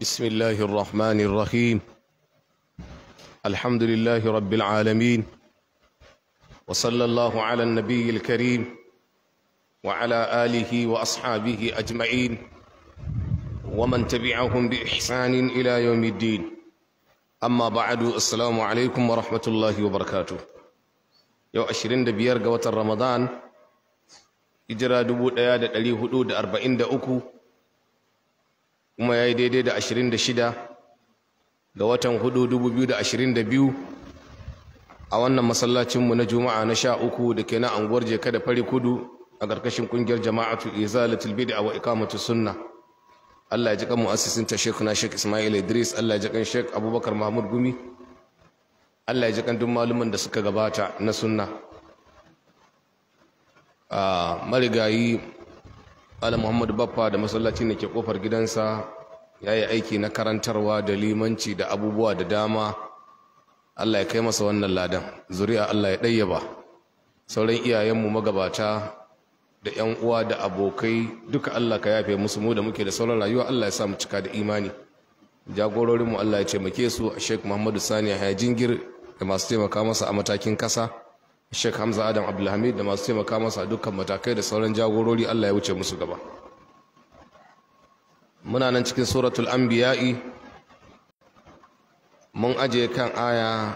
بسم الله الرحمن الرحيم الحمد لله رب العالمين وصلى الله على النبي الكريم وعلى آله وأصحابه أجمعين ومن تبعهم بإحسان إلى يوم الدين أما بعد السلام عليكم ورحمة الله وبركاته يو أشرين دبيار قوة رمضان إجرى دبو ديادة أليه دود أربعين دا أكو kuma ya yi daidai da 26 ga watan 4 a wannan masallacinmu na juma'a na sha uku da ke na anguwar jeka da fari kudu a ƙarƙashin ƙungiyar jama'atu izalatul bid'a wa mutu sunna Allah ya ji kan mu'assisin ta Sheikh na Sheikh Ismail Idris Allah ya ji kan Sheikh Abubakar Mahmud Gumi Allah ya ji kan duk malumin da suka gabata na sunna a ah, marigayi ala muhammadu baffa da masallacin da ke kofar gidansa ya yi aiki na karantarwa da limanci da abubuwa da dama allah ya kai masa wannan ladan zuri'a allah ya ɗayyaba sauran iyayenmu magabata da yan uwa da abokai duka allah ka yafe musu mu da muke da sauran rayuwa allah ya sa mu cika da imani jagororinmu allah ya taimake su a sheik muhammadu sani a jingir da masu taimaka masa a matakin kasa Sheikh Hamza Adam Abdulhamid da masu taimaka masa dukkan matakai da sauran jagorori Allah ya wuce musu gaba muna nan cikin suratul anbiya'i mun ajiye kan aya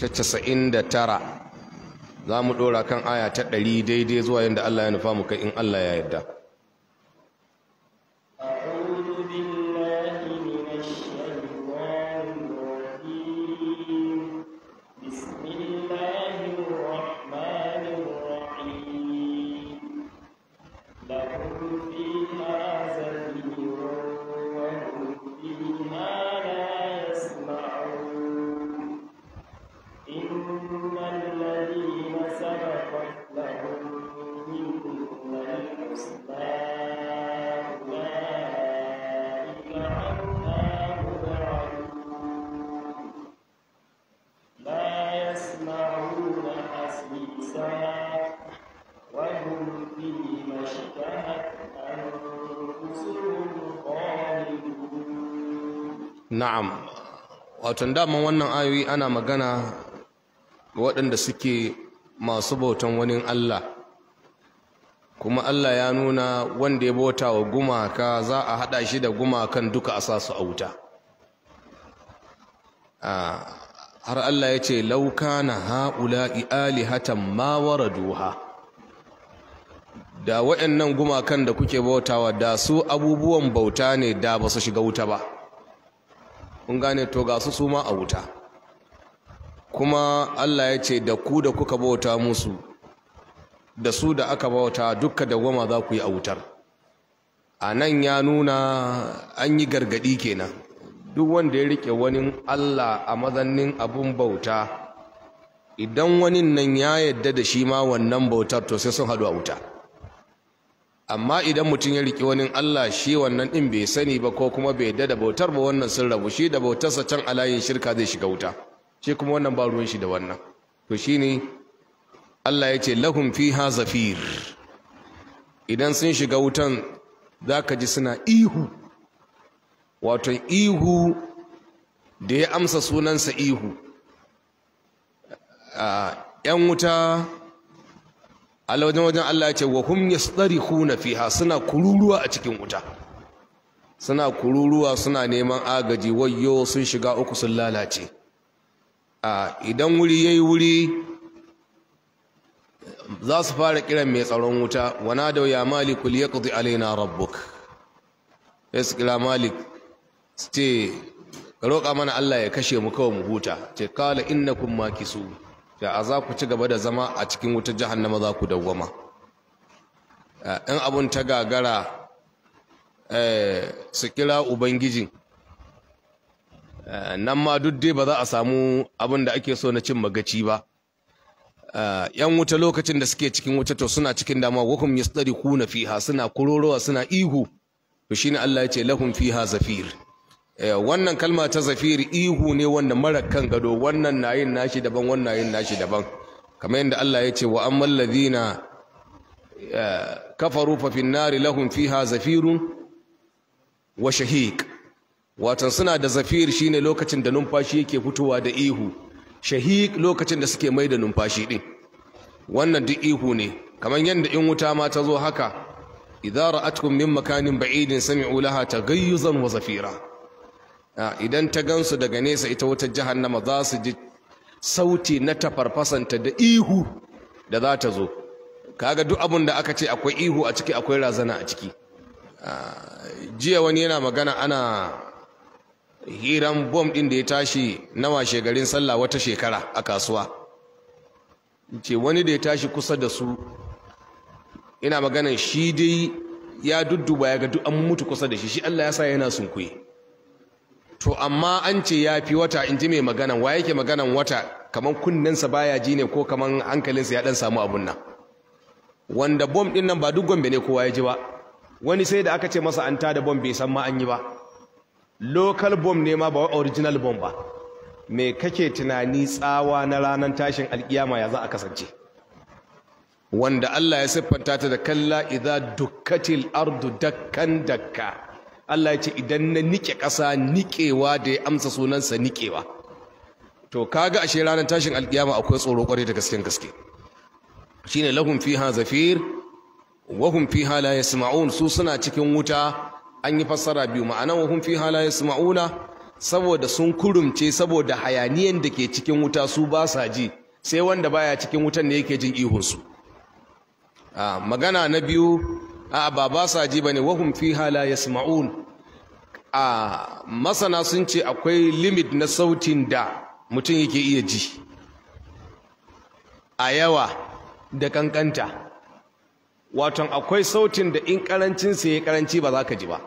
ta casa'in da tara za mu ɗora kan aya ta ɗari daidai zuwa yadda Allah ya nufa mu kai in Allah ya yarda watan daman wannan ayoyi ana magana waɗanda suke masu bautan wani Allah kuma Allah ya nuna wanda ya bauta wa gumaka za a haɗa shi da gumakan duka a sa su a wuta har Allah ya ce lauka na iyali hatan ma duha. da waɗannan gumakan da kuke bautawa da su abubuwan bauta ne da ba su shiga wuta ba kun gane to ga su su a wuta kuma Allah ya ce da ku da kuka bauta musu da su da aka bauta dukka da goma za ku yi a wutar a nan ya nuna an yi gargadi kenan duk wanda ya rike wani Allah a mazannin abun bauta idan wani nan ya yadda da shi ma wannan bautar to sai sun hadu a wuta amma idan mutum ya riƙe wani Allah shi wannan ɗin bai sani ba ko kuma bai yadda da bautar ba wannan sun rabu shi da bautarsa can alayin shirka zai shiga wuta shi kuma wannan ba ruwan shi da wannan to shi shine Allah ya ce lahum fiha zafir idan sun shiga wutan zaka ji suna ihu wato ihu da ya amsa sunansa ihu a yan wuta Allah wajen wajen Allah ya ce wa hum yastarihuna fiha suna kururuwa a cikin wuta suna kururuwa suna neman agaji wayyo sun shiga uku sun lalace a idan wuri yayi wuri za su fara kiran mai tsaron wuta wana da ya malik liyaqdi alaina rabbuk sai su kira malik su ce roƙa mana Allah ya kashe mu kawai mu huta ce kala innakum su. da a za ku ci gaba da zama a cikin wutar jahannama za ku dawwama eh, in abun ta gagara eh, su kira ubangijin eh, nan ma duk dai ba za a samu abin da ake so na cin magaci ba yan wuta lokacin da suke cikin wuta to suna cikin dama wakum kuna fiha suna kurorowa suna ihu to shine Allah ya ce lahum fiha zafir Eh, wannan kalma ta zafiri ihu ne wanda mara kan gado wannan na yin nashi daban wannan yin nashi daban kamar yadda Allah ya ce wa ammal ladina eh, kafaru fa fin nari lahum fiha zafirun wa shahiq watan suna da Zafiri shine lokacin da numfashi yake fitowa da ihu shahiq lokacin da suke mai da numfashi din wannan duk ihu ne kamar yadda in wuta ma ta zo haka idza ra'atkum min makanin ba'idin sami'u laha tagayyuzan wa zafira Ah, idan ta gansu daga nesa ita wata jahannama za su ji sauti na tafarfasanta da ihu da za ta zo kaga duk abin da aka ce akwai ihu a ciki akwai razana a ciki ah, jiya wani yana magana ana hiran bom din da ya tashi na washe garin sallah wata shekara a kasuwa ce wani da ya tashi kusa da su ina magana shi dai ya dudduba ya ga duk an mutu kusa da shi shi Allah ya sa yana sunkuye to amma an ce ya fi wata in ji mai maganan wa yake maganan wata kaman kunnensa baya ji ne ko kaman hankalinsa ya dan samu abun nan wanda bom din nan ba duk gombe ne kowa ya ji ba wani sai da aka ce masa an tada bom bai san ma an yi ba local bom ne ma ba original bom ba me kake tunani tsawa na ranar tashin alkiyama ya za a kasance wanda Allah ya siffanta ta da kalla idza dukkatil ardu dakkan dakka Allah ya ce idan na nike ƙasa nikewa da ya amsa sunansa nikewa to kaga ashe ranar tashin alkiyama akwai tsoro kwarai da gasken gaske shine lahum fiha zafir wa hum fiha la yasma'un su suna cikin wuta an yi fassara biyu ma'anan wa hum fiha la yasma'una saboda sun kurumce saboda hayaniyan da ke cikin wuta su ba sa ji sai wanda baya cikin wutan ne yake jin ihunsu ah, magana na biyu a ba ba sa ji bane wahum hala ya yasma'un a masana sun ce akwai limit na sautin da mutum yake iya ji a yawa da kankanta waton akwai sautin da in karancin ya karanci ba za ka ji ba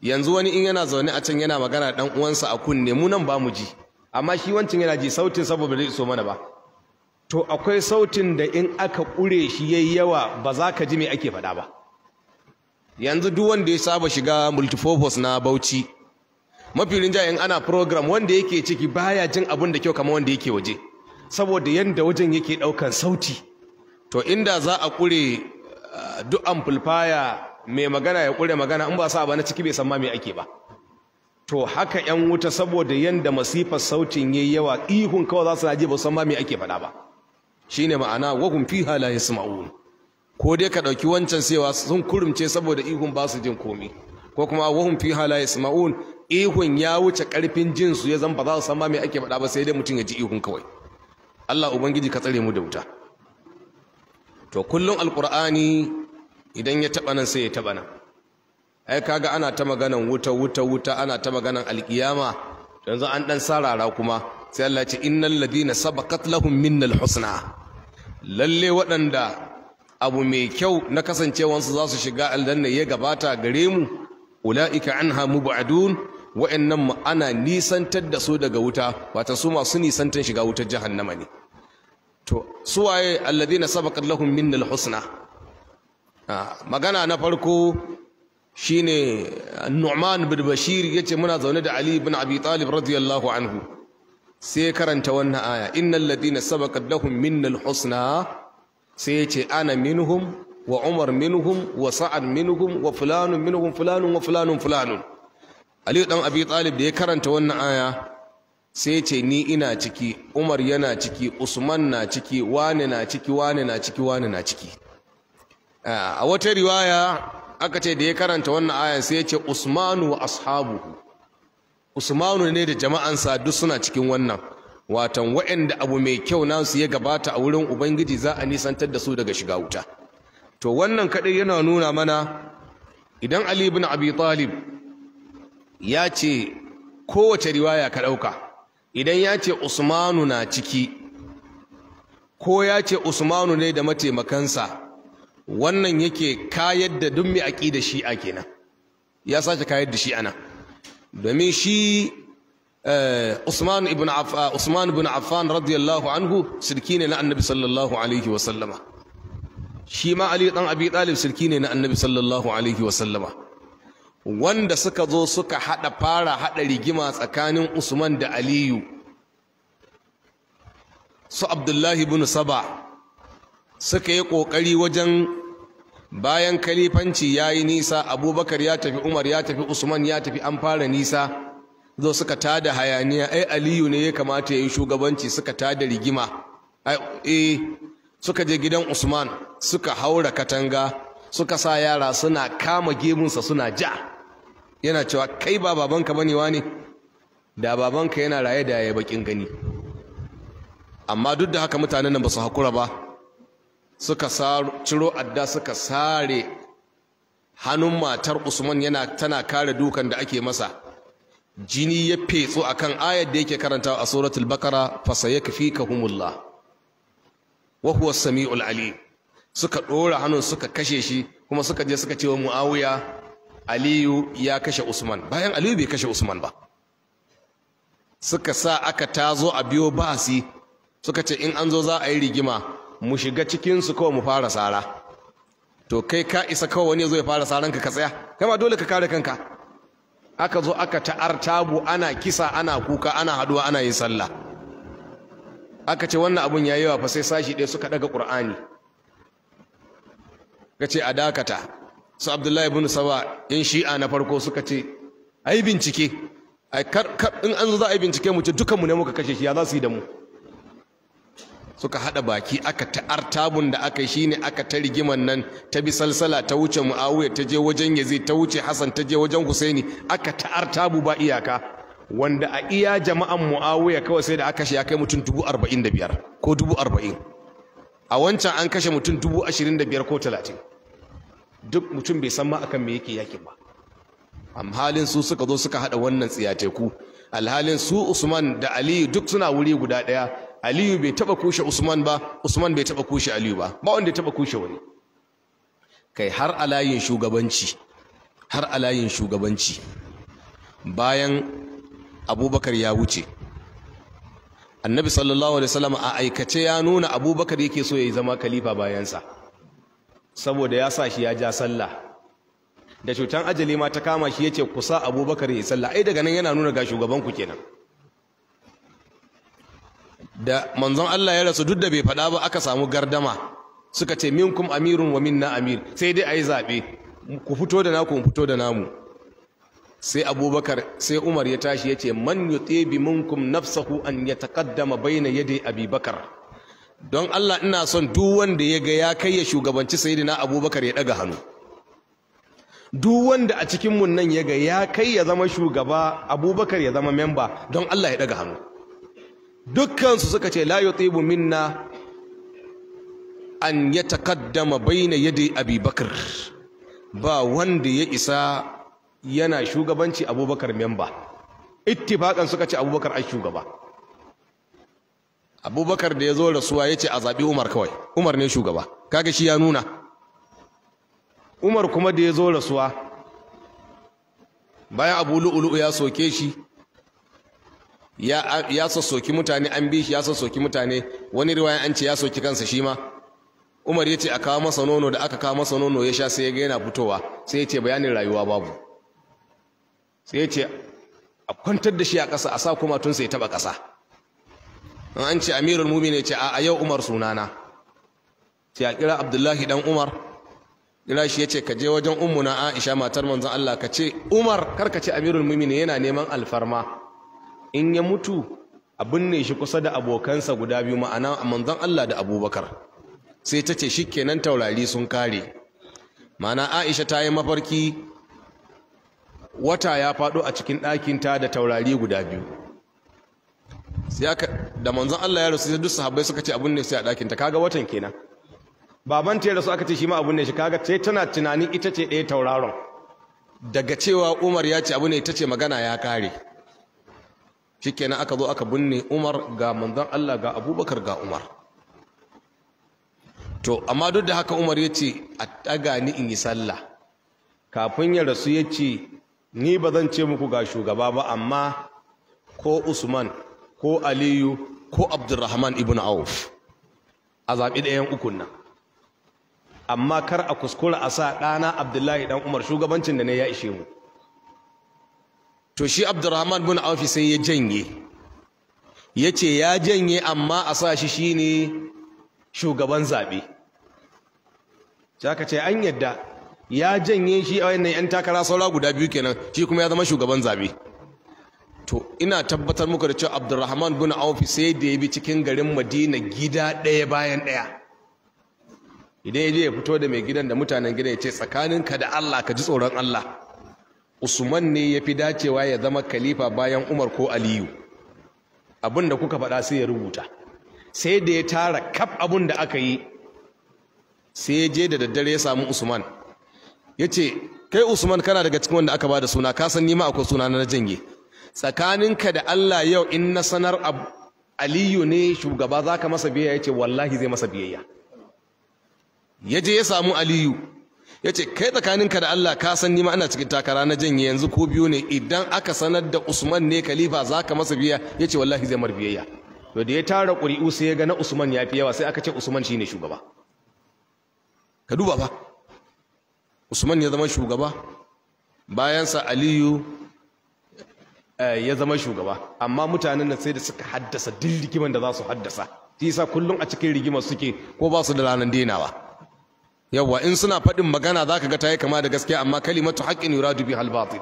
yanzu wani in yana zaune a can yana magana dan uwansa a kunne mu nan ba mu ji amma shi wancan yana ji sautin saboda zai iso mana ba to akwai sautin da in aka kure shi yayi yawa ba za ka ji me ake faɗa ba yanzu duk wanda ya saba shiga multipurpose na bauchi mafi rinjayen ana program wanda yake ciki baya jin abin da kyau kama wanda yake waje saboda yanda wajen yake daukan sauti to inda za a kure uh, duk amplifier mai magana ya kure magana in ba sa ba na ciki bai san ma me ake ba to haka yan wuta saboda yanda masifar sautin yayi yawa ihun kawai za su ji ba san ma me ake faɗa ba shine ma'ana wa hum fiha la yasma'un ko dai ka ɗauki wancan cewa sun kurumce saboda ihun ba su jin komi ko kuma wahun fi hala yasma'un ihun ya wuce ƙarfin jinsu ya zan ba za su san ma me ake faɗa ba sai dai mutum ya ji ihun kawai Allah ubangiji ka tsare mu da wuta to kullum alqur'ani idan ya taɓa nan sai ya taɓa nan ai kaga ana ta maganan wuta wuta wuta ana ta magana alkiyama yanzu an dan sarara kuma sai Allah ya ce innal ladina sabaqat lahum minnal husna lalle waɗanda abu mai kyau na kasancewansu za su shiga aljanna ya gabata gare mu ula'ika anha mubadun wa'annan mu ana nisantar da su daga wuta wata su masu nisantar shiga wutar jahannama ne to suwaye alladhina sabaqat lahum minnal husna ah, magana na farko shine Nu'man bin Bashir yace muna zaune da Ali bin Abi Talib radiyallahu anhu sai karanta wannan aya innal ladina sabaqat lahum minnal husna sai ya ce ana minhum wa umar minhum wa sa'ad minhum wa fulanun minhum fulanun wa fulanun fulanun aliyu dan abi talib da ya karanta wannan aya sai ce ni ina ciki umar yana ciki usman na ciki wane na ciki wane na ciki wane na ciki a wata riwaya aka ce da ya karanta wannan aya sai ya ce usmanu wa ashabu usmanu ne da jama'ansa duk suna cikin wannan watan waɗanda abu mai kyau nasu ya gabata a wurin ubangiji za a nisantar da su daga shiga wuta to wannan kaɗai yana nuna mana idan ali ibn abi talib ya ce kowace riwaya ka ɗauka idan ya ce usmanu na ciki ko ya ce usmanu ne da mataimakansa wannan yake kayar da duk mai aƙi da shi'a kenan ya sace kayar da shi ana domin shi Eh, Usman ibn eh, Usman ibn Affan radiyallahu anhu sirki ne na Annabi sallallahu alaihi wa sallama shi ma Ali dan Abi Talib sirki ne na Annabi sallallahu alaihi wa sallama wanda suka zo suka hada fara hada rigima tsakanin Usman da Aliyu su Abdullahi ibn Saba suka yi kokari wajen bayan kalifanci yayi nisa Abubakar ya tafi Umar ya tafi Usman ya tafi an fara nisa zo suka tada hayaniya ai aliyu ne ya kamata ya yi shugabanci suka tada rigima eh suka je gidan usman suka haura katanga suka sa yara suna kama gemunsa suna ja yana cewa kai ba babanka bane wani da babanka yana raye da ya bakin gani amma duk da haka mutanen nan ba su hakura ba suka ciro adda suka sare hannun matar usman yana tana kare dukan da ake masa jini ya fetso akan ayar da yake karanta a suratul bakara fa ka wa huwa samiul Ali suka ɗora hannun suka kashe shi kuma suka je suka ce wa muawiya aliyu ya kashe usman bayan aliyu bai kashe usman ba suka sa aka tazo a biyo basi suka ce in an zo za a yi rigima mu shiga cikinsu kawai mu fara sara to kai ka isa kawai wani ya zo ya fara saranka ka tsaya kai ma dole ka kare kanka aka zo aka ta'artabu ana kisa ana kuka ana haduwa ana yin sallah aka ce wannan abun yayi yawa fa sai sashi ɗaya suka daga qur'ani kace a dakata su abdullahi ibn saba in shi'a na farko suka ce ai bincike ai kar in an zo za a yi bincike mu ce dukan mu ne muka kashe shi ya za su yi da mu suka hada baki aka ta'artabun da aka shi ne aka ta rigiman nan ta bi salsala ta wuce Muawiya ta je wajen Yazid ta wuce Hassan ta je wajen Husaini aka ta'artabu ba iyaka wanda a iya jama'an Muawiya kawai sai da aka shi ya kai mutum biyar ko arba'in, a wancan an kashe mutum biyar ko 30 duk mutum bai san ma akan me yake yakin ba amhalin su suka zo suka hada wannan tsiyateku alhalin su Usman da Ali duk suna wuri guda daya aliyu bai taba kushe usman ba usman bai taba kushe aliyu ba ba wanda ya taba kushe wani kai har a layin shugabanci har a layin shugabanci bayan abubakar ya wuce annabi sallallahu alaihi wasallam a aikace ya nuna abubakar yake so ya zama khalifa bayansa saboda ya sa shi ya ja sallah da cutan ajali ma ta kama shi yace kusa abubakar ya sallah ai daga nan yana nuna ga shugaban ku kenan da manzon Allah ya rasu duk da bai faɗa ba aka samu gardama suka ce minkum amirun wa minna amir sai dai ayi zabe ku fito da naku ku fito da namu sai Abubakar sai Umar ya tashi yace man yutibi minkum nafsahu an yataqaddama bayna yadi abubakar don Allah ina son duk wanda ya ga ya kai ya shugabanci sayyidina Abubakar ya daga hannu duk wanda a cikin mun nan ya ga ya kai ya zama shugaba Abubakar ya zama memba don Allah ya daga hannu dukkansu suka ce la yutibu minna an yatakaddama baina yadi abubakar ba wanda ya isa yana shugabanci abubakar memba ittifakan suka ce abubakar ai shugaba abubakar da ya zo rasuwa ya ce a zaɓi umar kawai umar ne shugaba kaga shi ya nuna umar kuma da ya zo rasuwa bayan abu lu'ulu'u ya soke shi ya sassoki mutane an bi shi ya sassoki mutane wani riwaya an ce ya soki kansa shi ma Umar ya ce a kawo masa nono da aka kawo masa nono ya sha sai ya ga yana fitowa sai ya ce bayanin rayuwa babu sai ya ce a kwantar da shi a ƙasa a sa kuma tun sai taɓa ƙasa an ce amirul mumin ya ce a yau Umar sunana sai a kira Abdullahi dan Umar kira shi ya ce ka je wajen ummuna Aisha matar manzon Allah ka ce Umar kar ka ce amirul mumin yana neman alfarma in ya mutu a binne shi kusa da abokansa guda biyu ma'ana a manzon Allah da Abubakar sai ta ce shi kenan taurari sun kare ma'ana Aisha ta yi mafarki wata ya faɗo a cikin ɗakinta da taurari guda biyu sai aka da manzon Allah ya rasu sai duk sahabbai suka ce abin ne sai a ɗakinta kaga watan kenan baban ta ya rasu aka ce shi ma abin ne shi kaga ce tana tunanin ita ce ɗaya tauraron daga cewa Umar ya ce abu ne ita ce magana ya kare shikenan aka zo aka binne Umar ga manzon Allah ga Abubakar ga Umar to amma duk da haka Umar yace a daga ni in yi sallah kafin ya rasu yace ni ba zan ce muku ga shugaba ba amma ko Usman ko Aliyu ko Abdurrahman ibn Auf a zaɓi ɗayan ukun nan amma kar a kuskura a sa ɗana Abdullahi ɗan Umar shugabancin da ne ya ishe mu to shi abdurrahman bin aufi sai ya janye ya ce ya janye amma a sa shi shi ne shugaban zaɓe ka ce an yadda ya janye shi a wannan 'yan takara saura guda biyu kenan shi kuma ya zama shugaban zaɓe to ina tabbatar muku da cewa abdurrahman bin aufi sai da ya bi cikin garin madina gida ɗaya bayan ɗaya idan ya je ya fito da mai gidan da mutanen gidan ya ce tsakaninka da allah ka ji tsoron allah usman ne ya fi dacewa ya zama khalifa bayan umar ko aliyu abin da kuka faɗa sai ya rubuta sai da ya tara kaf abin da aka yi sai ya je da daddare ya samu usman ya ce kai usman kana daga cikin wanda aka ba da suna ka san nima akwai suna na janye tsakaninka da allah yau in na sanar aliyu ne shugaba za ka masa biyayya ya ce wallahi zai masa biyayya ya je ya samu aliyu Ya ce, kai tsakaninka da Allah ka san ni ma ana cikin takara na janye yanzu ko biyu ne idan aka sanar da Usman ne khalifa ka masa biya ce wallahi zai mar biyayya to da ya tara ƙuri'u sai ya ga na Usman ya fi yawa sai aka ce Usman shi ne shugaba ka duba ba Usman ya zama shugaba bayansa Aliyu eh, ya zama shugaba amma mutanen nan sai da suka haddasa duk da za su haddasa shi yasa kullum a cikin rigimar suke ko ba su da ranar denawa yawa in suna faɗin magana zaka ga ta yi kama da gaskiya amma kalimatu haqqin yuradu bihal batil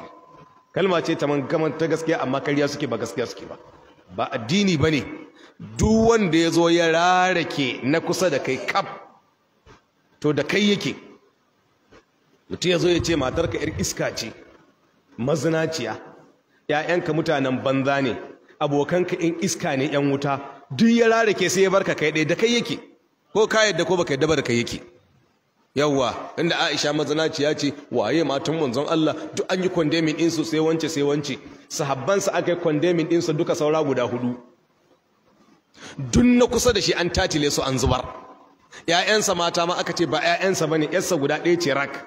kalma ce ta mangaman ta gaskiya amma karya suke ba gaskiya suke ba ba addini bane duk wanda ya zo ya rarake na kusa da kai kaf to da kai yake mutum ya zo ya ce matarka yar iska ce mazinaciya ‘ya'yanka mutanen banza ne abokanka in iska ne ‘yan wuta duk ya rarake sai ya barka kai ɗaya da kai yake ko ka yadda ko baka yadda ba da kai yake Yawwa inda Aisha mazanaciya ce waye matan wanzan Allah duk an yi condemning din su sai wance sai wance sahabban sa aka condemning din su duka saura guda hudu dun na kusa da shi an tatile su an zubar ƴaƴansa mata ma aka ce ba ƴaƴansa bane ƴarsa guda ɗaya ce rak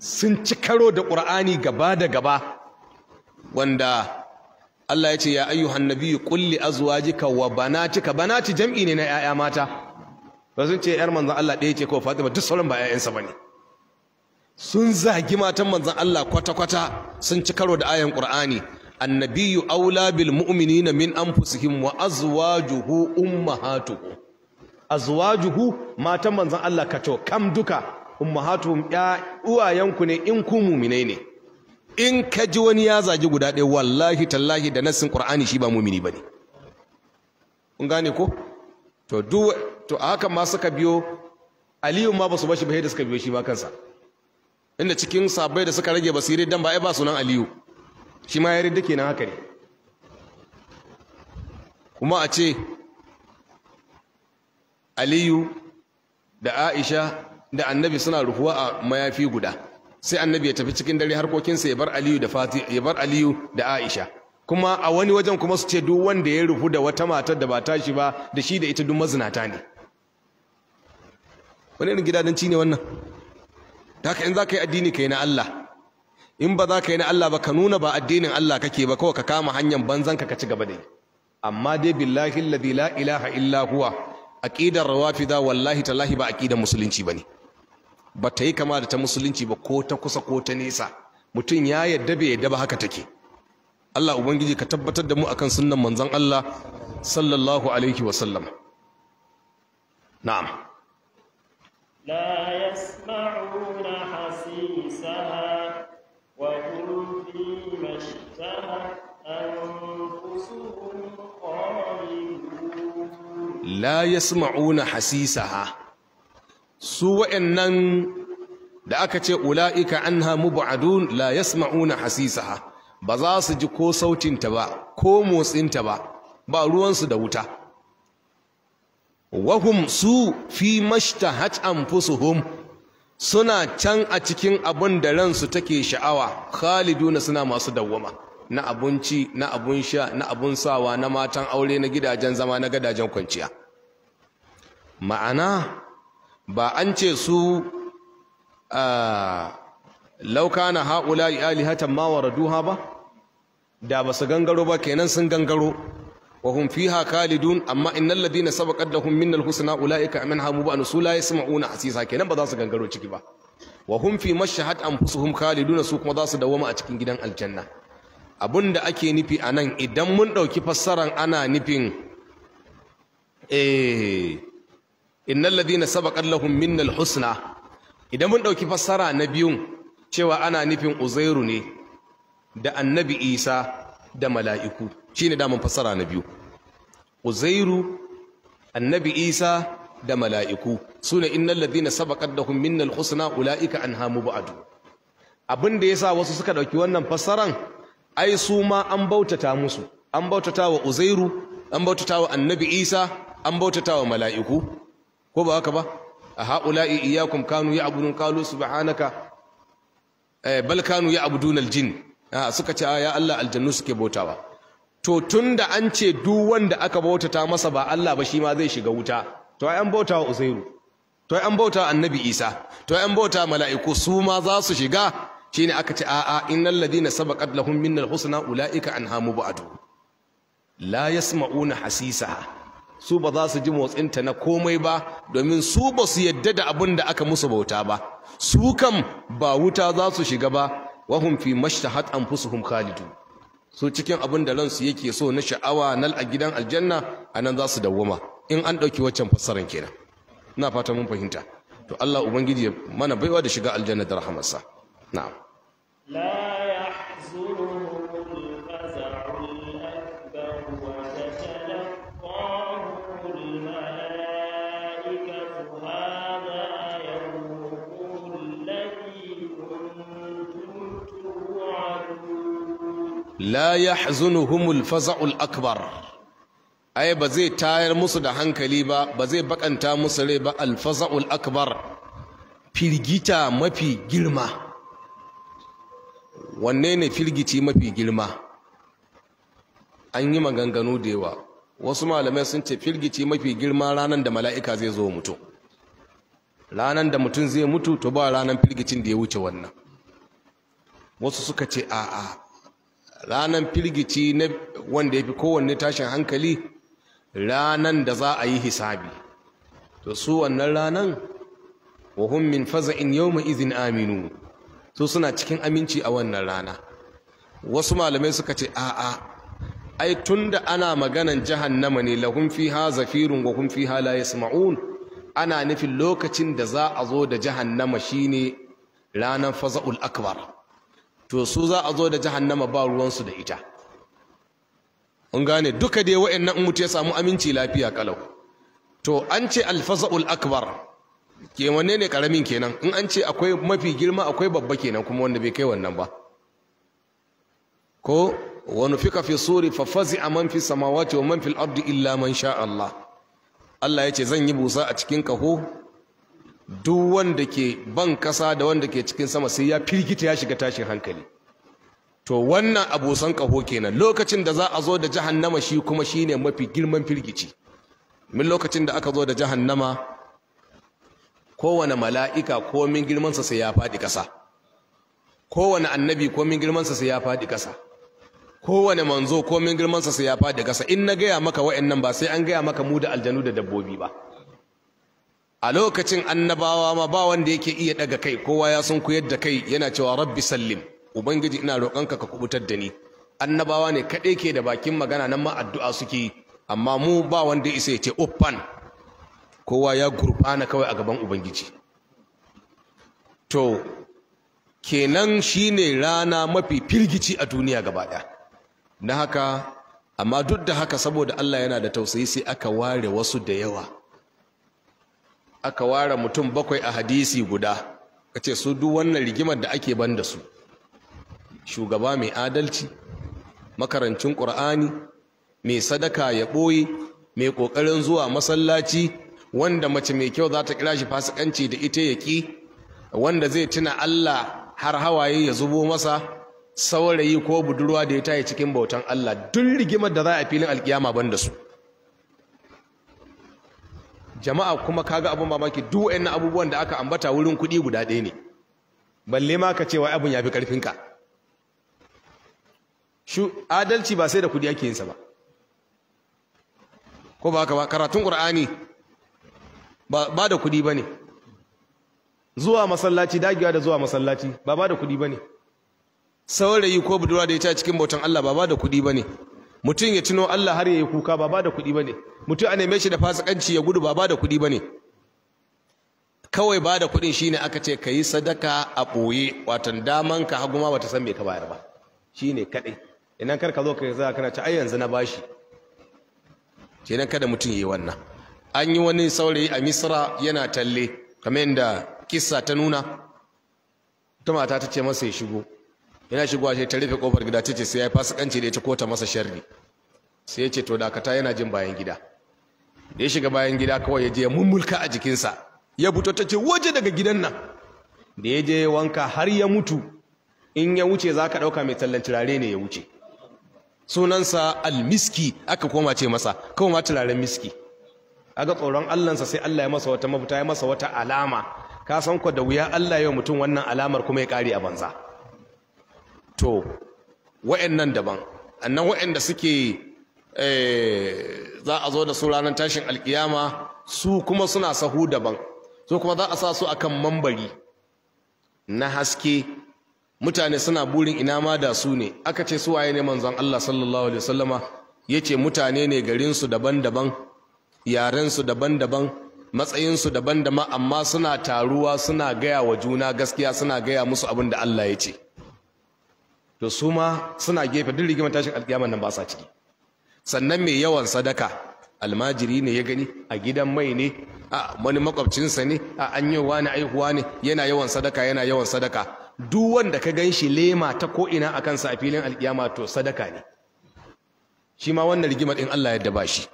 sun ci karo da Qur'ani gaba da gaba wanda Allah ya ce ya ayyuhan nabiyyu qul li azwajika wa banatika banati jam'i ne na ƴaƴa mata ba sun ce yar manzan Allah ɗaya ce kawai Fatima duk sauran ba ƴaƴansa bane sun zagi matan manzan Allah kwata-kwata sun ci karo da ayan Qur'ani annabiyyu aula bil mu'minina min anfusihim wa azwajuhu ummahatuhum azwajuhu matan manzan Allah kato kam duka ummahatuhum ya uwayenku ne in ku mu'minai ne in kaji wani ya zagi guda ɗaya wallahi tallahi da nassin Qur'ani shi ba mu'mini bane kun gane ko to duk to a hakan ma suka biyo aliyu ma basu bashi bai da suka biyo shi ba kansa inda cikin sabai da suka rage basiri dan ba ai ba sunan aliyu shi ma ya ridda kenan haka ne kuma a ce aliyu da aisha da annabi suna ruhuwa a mayafi guda sai annabi ya tafi cikin dare harkokinsa ya bar aliyu da fati ya bar aliyu da aisha kuma a wani wajen kuma su ce duk wanda ya rufu da wata matar da ba tashi ba da shi da ita duk mazinata ne wani irin gidadanci ne wannan da haka in za ka yi addini ka yi na Allah in ba za ka yi na Allah ba ka nuna ba addinin Allah kake ba kawai ka kama hanyar banzan ka ci gaba da yi amma dai billahi alladhi la ilaha illa huwa aqidar rawafida wallahi tallahi ba aqidar musulunci bane ba ta yi kama da ta musulunci ba ko ta kusa ko ta nesa mutum ya yadda bai yadda ba haka take Allah ubangiji ka tabbatar da mu akan sunnan manzon Allah sallallahu alaihi wa sallam na'am لا يسمعون حسيسها وهم فيما اشتهت أنفسهم خالدون لا يسمعون حسيسها سوء أن da aka ce ula'ika anha mubu-adun la yasma'una hasisaha ba za su ji ko sautinta ba ko motsinta ba ba ruwansu da wuta wahum su fi mashtahat anfusuhum suna can a cikin abun da ransu take sha'awa khaliduna suna masu dawwama na abinci na abun sha na abun sawa na matan aure na gidajen zama na gadajen kwanciya ma'ana ba an ce su laukana haƙula hatan ma waraduha ba da ba su gangaro ba kenan sun gangaro wa hum fiha khalidun amma innal ladina sabaqat lahum minnal husna ulaika minha mubanu sula yasma'una hasisa kenan ba za su gangaro ciki ba wa hum fi mashhat anfusuhum khaliduna su kuma za su dawama a cikin gidan aljanna abinda ake nufi anan idan mun dauki fassaran ana nufin eh idan mun dauki fassara na biyun cewa ana nufin uzairu ne da annabi isa da mala'iku shine daman fassara na biyu uzairu annabi isa da mala'iku sune innal ladina sabaqat lahum minnal husna ulaika anha mubadu abin da yasa wasu suka dauki wannan fasaran, ai su ma an bautata musu an bautata wa uzairu an bautata wa annabi isa an bautata wa mala'iku ko ba haka ba a haula'i kanu ya'budun qalu subhanaka eh, bal kanu ya'budun aljin ah, suka ce ah, ya Allah aljannu suke bautawa to tun da an ce duk wanda aka bautata masa ba Allah ba shi ma zai shiga wuta to ai an bauta Uzairu to ai an bautawa Annabi Isa to ai an bauta mala'iku su ma za su shiga shine aka ce a'a innal ladina sabaqat lahum minnal husna ulaika anha mubadu la yasma'una hasisaha su ba za su ji motsinta na komai ba domin su ba su yadda da abin da aka musu bauta ba su kam ba wuta za su shiga ba wahum fi mashtahat anfusuhum khalidun su cikin abin da ransu yake so na sha'awa na a gidan aljanna anan nan za su dawwama in an ɗauki waccan fassaran kenan ina fata mun fahimta to Allah ubangiji ya mana baiwa da shiga aljanna da rahamarsa na'am la yahzunuhumul faza'ul akbar ai ba zai tayar musu da hankali ba ba zai bakanta musu rai ba al faza'ul akbar firgita mafi girma wanne ne firgici mafi girma an yi maganganu da yawa wasu malamai sun ce firgici mafi girma ranar da mala'ika zai zo mutum ranar da mutum zai mutu to ba ranar firgicin da ya wuce wannan wasu suka ce a'a ranan firgici na wanda ya fi kowanne tashin hankali ranan da za a yi hisabi to su wannan ranan wahum min faza'in yawma izin aminu su suna cikin aminci a wannan rana wasu malamai suka ce a'a ai tunda ana maganan jahannama ne lahum fiha zafirun wa hum fiha la yasma'un ana nufin lokacin da za a zo da jahannama shine ranan faza'ul akbar to su za a zo da nama ba ruwansu da ita mun gane duka dai wa'annan in mutu ya samu aminci lafiya kalau to an ce alfaza'ul akbar ke wanne ne karamin kenan in an ce akwai mafi girma akwai babba kenan kuma wanda bai kai wannan ba ko wa nufika fi suri fa fazi'a man fi samawati wa man fil ardi illa man sha Allah Allah ya ce zan yi busa a cikin kaho duk wanda ke ban kasa da wanda ke cikin sama sai ya firgita ya shiga tashin hankali to wannan abusan kaho kenan lokacin da za a zo da jahannama shi kuma shine mafi girman firgici min lokacin da aka zo da jahannama kowane mala'ika ko min girmansa sai ya faɗi ƙasa kowane annabi ko min girmansa sai ya faɗi ƙasa kowane manzo ko min girmansa sai ya faɗi ƙasa in na gaya maka wa'annan ba sai an gaya maka mu da aljanu da dabbobi ba a lokacin annabawa ma ba wanda yake iya daga kai kowa ya sun ku da kai yana cewa rabbi sallim ubangiji ina roƙonka ka kubutar da ni annabawa ne kaɗai ke da bakin magana nan ma addu'a suke amma mu ba wanda isa ya ce uffan kowa ya gurfana kawai a gaban ubangiji to kenan shine rana mafi firgici a duniya gaba ɗaya na haka amma duk da haka saboda Allah yana da tausayi sai aka ware wasu da yawa aka ware mutum bakwai a hadisi guda Ka ce su duk wannan rigimar da ake ban da su shugaba mai adalci makarancin ƙur'ani mai sadaka ya ɓoye mai ƙoƙarin zuwa masallaci wanda mace mai kyau za ta kira shi fasikanci da ita ya ƙi wanda zai tuna Allah har hawaye ya zubo masa saurayi ko budurwa da ya taye cikin bautan Allah duk rigimar da za a filin alƙiyama ban da su jama'a kuma kaga abun mamaki duk wayannan abubuwan da aka ambata wurin kuɗi guda ɗaya ne balle ma ka cewa abun yafi karfin ka shu adalci ba sai da kuɗi ake yin sa ba ko ba haka ba karatun qur'ani ba ba da kuɗi bane zuwa masallaci dagewa da zuwa masallaci ba ba da kuɗi bane saurayi ko budurwa da ya cikin bautan Allah ba ba da kuɗi bane mutum ya tuno Allah har ya yi kuka ba ba da kuɗi bane mutum a neme shi da fasikanci ya gudu ba ba da kuɗi bane kawai ba da kuɗin shine aka ce ka yi sadaka a ɓoye watan daman ka hagu ma bata san me ka bayar ba shine kadai idan kar ka zo ka zaka kana ta ai yanzu na bashi kenan kada mutum yayi wannan an yi wani saurayi a Misra yana talle kamar yadda Kisa ta nuna ta mata ta ce masa ya shigo yana shigowa sai ta rufe kofar gida ta ce sai ya yi fasikanci da ya ko ta masa sharri sai ya ce to dakata yana jin bayan gida da ya shiga bayan gida kawai ya je ya mummulka a jikinsa ya fito ta ce waje daga gidan nan da ya je ya wanka har ya mutu in ya wuce za ka ɗauka mai tallan turare ne ya wuce sunansa almiski aka koma ce masa kawai ma turaren miski aga tsoron allansa sai allah ya masa wata mafita ya masa wata alama ka san ku da wuya allah ya mutum wannan alamar kuma ya kare a banza to wa'annan daban annan wa'anda suke eh, za a zo da su ranar tashin alkiyama su kuma suna sahu daban su kuma za a sa su akan mambari na haske mutane suna burin ina ma da su ne aka ce su waye ne manzon Allah sallallahu alaihi wasallama yace mutane ne garin su daban-daban yaren su daban-daban matsayin su daban-daban amma suna taruwa suna gaya wa juna gaskiya suna gaya musu abin da Allah ya ce to su ma suna gefe duk rigimar tashin alkiyama nan ba sa ciki sannan mai yawan sadaka almajiri ne ya gani a gidan mai ne a wani makwabcinsa ne a an yi wani aihuwa ne yana yawan sadaka yana yawan sadaka duk wanda ka gan shi lema ta ko'ina a kansa a filin alkiyama to sadaka ne shi ma wannan rigimar in Allah ya daba shi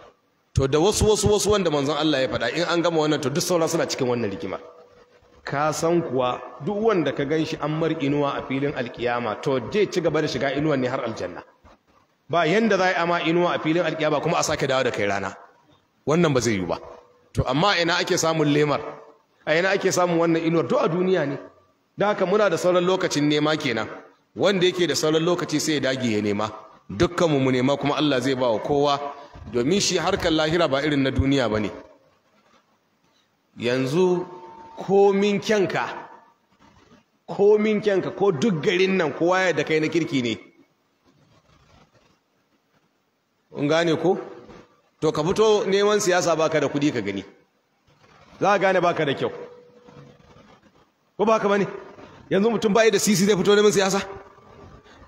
to da wasu wasu wasu wanda manzon Allah ya faɗa in an gama wannan to duk saura suna cikin wannan rigimar ka san kuwa duk wanda ka gan shi an mar inuwa a filin alkiyama to je ci gaba da shiga inuwar ne har aljanna ba yanda za a yi ama inuwa a filin alkiyama kuma a sake dawo da kai rana wannan ba zai yi ba to amma ina ake samun lemar a ina ake samun wannan inuwar to a duniya ne da haka muna da sauran lokacin nema kenan wanda yake da sauran lokaci sai ya dage ya nema dukkanmu mu nema kuma Allah zai ba wa kowa domin shi harkar lahira ba irin na duniya ba ne yanzu komin kyanka komin kyanka ko duk garin nan kowa ya da kai na kirki ne in gane ko to ka fito neman siyasa baka da kudi ka gani za a gane baka da kyau ko baka bane yanzu mutum bai da sisi zai fito neman siyasa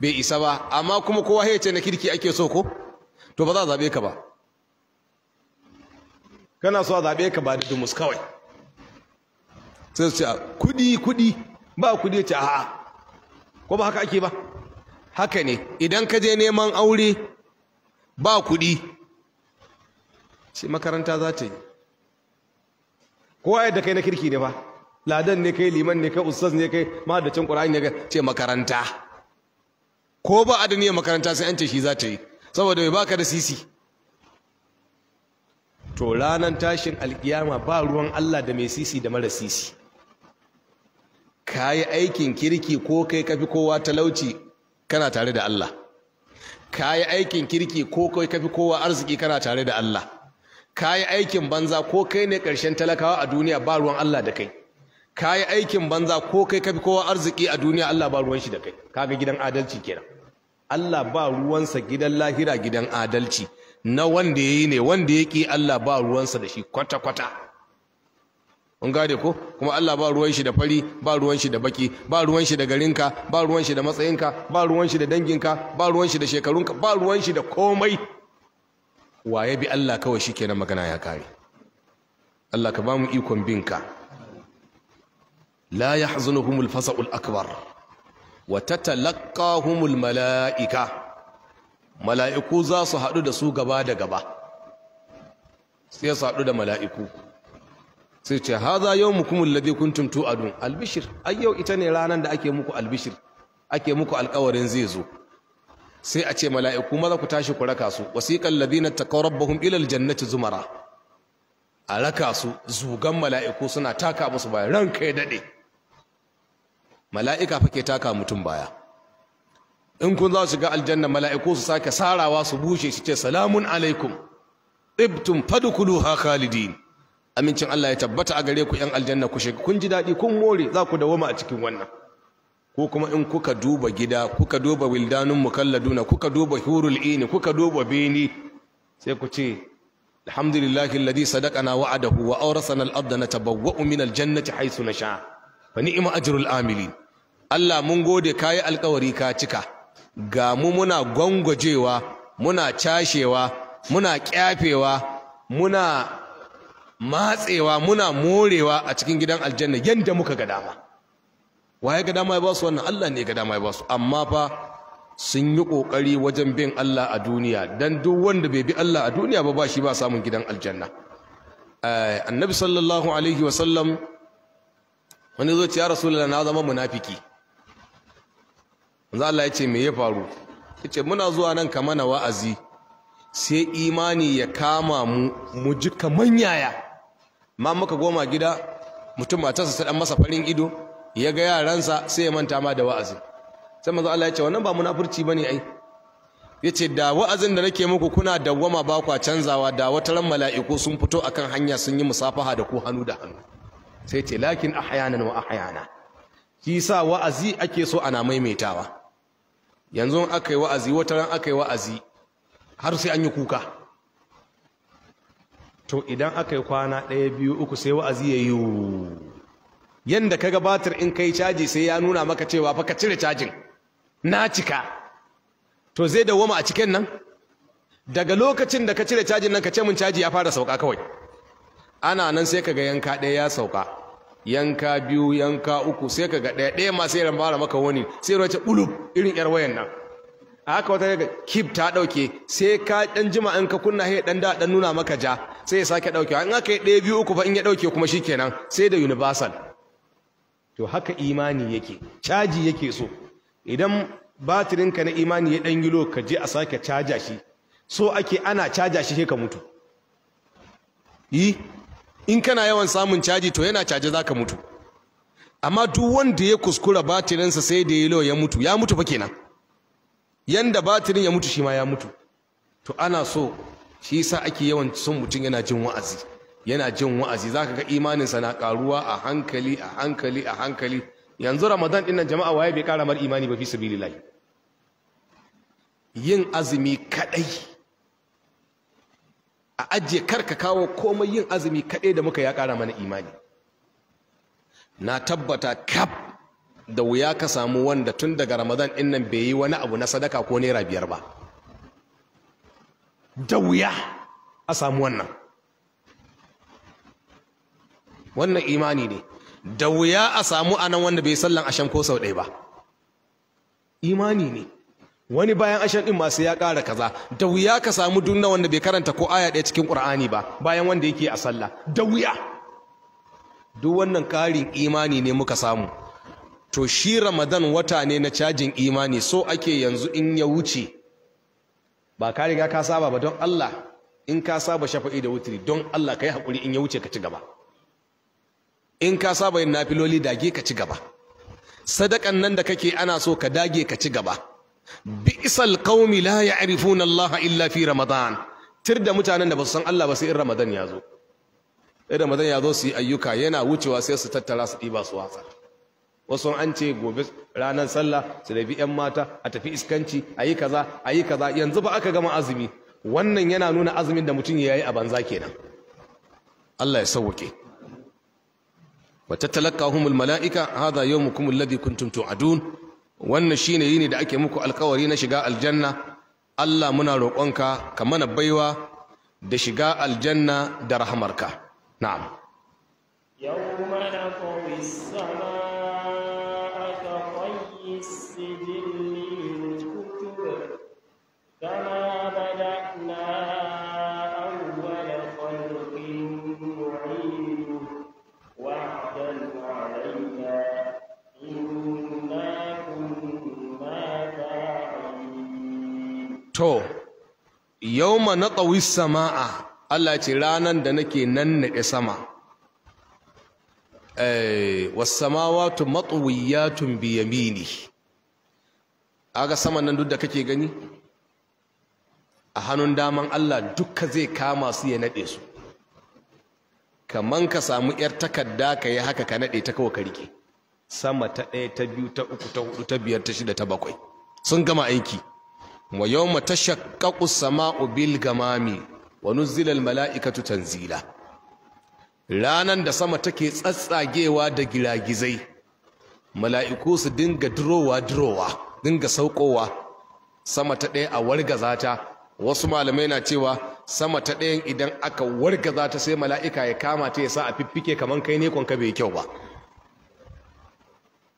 bai isa ba amma kuma kowa ya ce na kirki ake so ko to ba za a zabe ka ba kana so a zabe ka ba da dumus kawai sai su ce kudi kudi ba kudi ce a'a ko ba haka ake ba haka ne idan ka je neman aure ba kudi ce makaranta za ta yi kowa yadda kai na kirki ne ba ladan ne kai liman ne kai ustaz ne kai da can ƙura'in ne ce makaranta ko ba adaniyar makaranta sai an ce shi za ta yi saboda bai baka da sisi to ranar tashin alkiyama ba ruwan Allah da mai sisi da mara sisi ka yi aikin kirki ko kai kafi kowa talauci kana tare da Allah ka yi aikin kirki ko kai kafi kowa arziki kana tare da Allah ka yi aikin banza ko kai ne ƙarshen talakawa a duniya ba ruwan Allah da kai ka yi aikin banza ko kai kafi kowa arziki a duniya Allah ba ruwan shi da kai kaga gidan adalci kenan Allah ba ruwansa gidan lahira gidan adalci na wanda ya yi ne wanda ya Allah ba ruwansa da shi kwata-kwata kun gade ko kuma Allah ba ruwan shi da fari ba ruwan shi da baki ba ruwan shi da garinka ba ruwan shi da matsayinka ba ruwan shi da danginka ba ruwan shi da shekarunka ba ruwan shi da komai waye bi Allah kawai shikenan magana ya kare Allah ka ba mu ikon binka la yahzunuhumul fasa'ul akbar wa tatalaqahumul malaika mala'iku za su haɗu da su gaba da gaba sai su haɗu da mala'iku sai ce haza kun alladhi kuntum tu'adun albishir ai yau ita ne ranar da ake muku albishir ake muku alkawarin zai zo sai a ce mala'iku maza ku tashi ku raka su wasiqal ladina taqaw rabbahum ila aljannati zumara a raka su zugan mala'iku suna taka musu baya ranka ya dade mala'ika fa ke taka mutum baya in kun za su shiga aljanna mala'iku su sake sarawa su bushe su ce salamun alaikum fadukulu fadkhuluha khalidin amincin Allah ya tabbata a gare ku yan aljanna ku shiga kun ji daɗi kun more za ku dawoma a cikin wannan ko kuma in kuka duba gida kuka duba wildanun mukalladuna kuka duba hurul ini kuka duba beni sai ku ce alhamdulillahi alladhi sadaqana wa'adahu wa awrasana al-ardha natabawwa'u min al-jannati haythu nasha fa ni'ma ajrul amilin Allah mun gode kayi alkawari ka cika ga mu muna gwangwajewa muna cashewa muna kyafewa muna matsewa muna morewa a cikin gidan aljanna yadda muka ga dama waye ga dama ya ba su wannan Allah ne ga dama ya ba su amma fa sun yi kokari wajen bin Allah a duniya dan duk wanda bai bi Allah a duniya ba ba shi ba samun gidan aljanna eh, annabi sallallahu alaihi wa sallam wani zo ya rasulullahi na zama munafiki manzo Allah ya ce me ya faru yace muna zuwa nan kama na wa'azi sai imani ya kama mu mu ji kaman yaya ma muka goma gida mutum matarsa ta dan masa farin ido ya ga yaransa sai ya manta ma da wa'azi sai manzo Allah ya ce wannan ba munafurci bane ai yace da wa'azin da nake muku kuna dawwama ba kwa canzawa da wataran mala'iku sun fito akan hanya sun yi musafaha da ku hannu da hannu sai ce lakin ahyanan wa ahyana sa wa'azi ake so ana maimaitawa yanzu akai wa'azi wataran akai wa'azi har sai an yi kuka to idan aka yi kwana ɗaya biyu uku sai wa'azi ya yi yanda ka gabatar in kai caji sai ya nuna maka cewa fa ka cire cajin na cika to zai dawoma a cikin nan daga lokacin da ka cire cajin nan ka ce mun caji ya fara sauka kawai ana nan sai ka ga yanka ɗaya ya sauka yanka biyu yanka uku sai ka ga ɗaya ɗaya masu sai ran fara maka wani sai ruwa ce ulub irin yar wayan nan haka wata daga kib ta dauke sai ka dan jima in ka kunna he dan da dan nuna maka ja sai ya sake dauke in aka yi ɗaya biyu uku fa in ya dauke kuma shikenan sai da universal to haka imani yake caji yake so idan batirinka na imani ya dan yilo ka je a sake caja shi so ake ana caja shi sai ka mutu yi in kana yawan samun caji to yana caje zaka mutu amma duk wanda ya kuskura batirinsa sai da yilo ya mutu ya mutu fa kenan yanda batirin ya mutu shi ma ya mutu to ana so shi yasa ake yawan son mutum yana jin wa'azi yana jin wa'azi zaka ga imaninsa na karuwa a hankali a hankali a hankali yanzu ramadan din nan jama'a waye bai kara mar imani ba fi sabilillah yin azumi kadai a ajiye karka kawo komai yin azumi kadai da muka ya kara mana imani na tabbata kaf da wuya ka samu wanda tun daga ramadan in nan bai yi wani abu na sadaka ko naira biyar ba da wuya a samu wannan wannan imani ne da wuya a samu anan wanda bai sallan ashen ko sau ɗaya ba imani ne wani bayan ashen din masu ya ƙara kaza da wuya ka samu dunna wanda bai karanta ko aya ɗaya cikin ƙur'ani ba bayan wanda yake a sallah da wuya duk wannan ƙarin imani ne muka samu to shi ramadan wata ne na cajin imani so ake yanzu in ya wuce ba ka riga ka saba ba don Allah in ka saba shafa'i da wutiri don Allah ka yi haƙuri in ya wuce ka ci gaba in ka saba yin nafiloli dage ka ci gaba sadakan nan da kake ana so ka dage ka ci gaba bi'sal qaumi la ya'rifuna Allah illa fi ramadan tir da mutanen da ba su san Allah ba sai in ramadan ya zo in ramadan ya zo su yi ayyuka yana wucewa sai su tattara su ɗiba su watsa wasu an ce gobe ranar sallah su dafi yan mata a tafi iskanci a yi kaza a yi kaza yanzu ba aka gama azumi wannan yana nuna azumin da mutum ya yi a banza kenan Allah ya sauwake وتتلقاهم الملائكة هذا يومكم الذي كنتم توعدون wannan shine yini da ake muku alkawari na shiga aljanna Allah muna roƙonka ka mana baiwa da shiga aljanna da rahamarka na'am yawma naqwi as-samaa السجل الكتب كما بدأنا أول خلق نعيده وعدا علينا إنا كنا يوم نطوي السماء Allah ce ranar da nake nan nannaɗe sama Eh, wasamawatu matsuwiyatun biyamini aga saman nan duk da kake gani a hannun daman Allah duka zai kama su ya naɗe su kaman ka samu yar takarda ka yi haka ka naɗe ta kawo ka sama ta ɗaya ta biyu ta uku ta hudu ta biyar ta shida ta bakwai sun gama aiki wa yawma tashaqqaqu as-sama'u bil gamami wa nuzila al-mala'ikatu tanzila ranan da sama take tsatsagewa da gilagizai mala'iku su dinga durowa durowa dinga saukowa sama ta ɗaya a wargaza ta wasu malamai na cewa sama ta ɗayan idan aka wargaza ta sai mala'ika ya kama ta ya sa a fiffike kamar kai ne kwanka bai kyau ba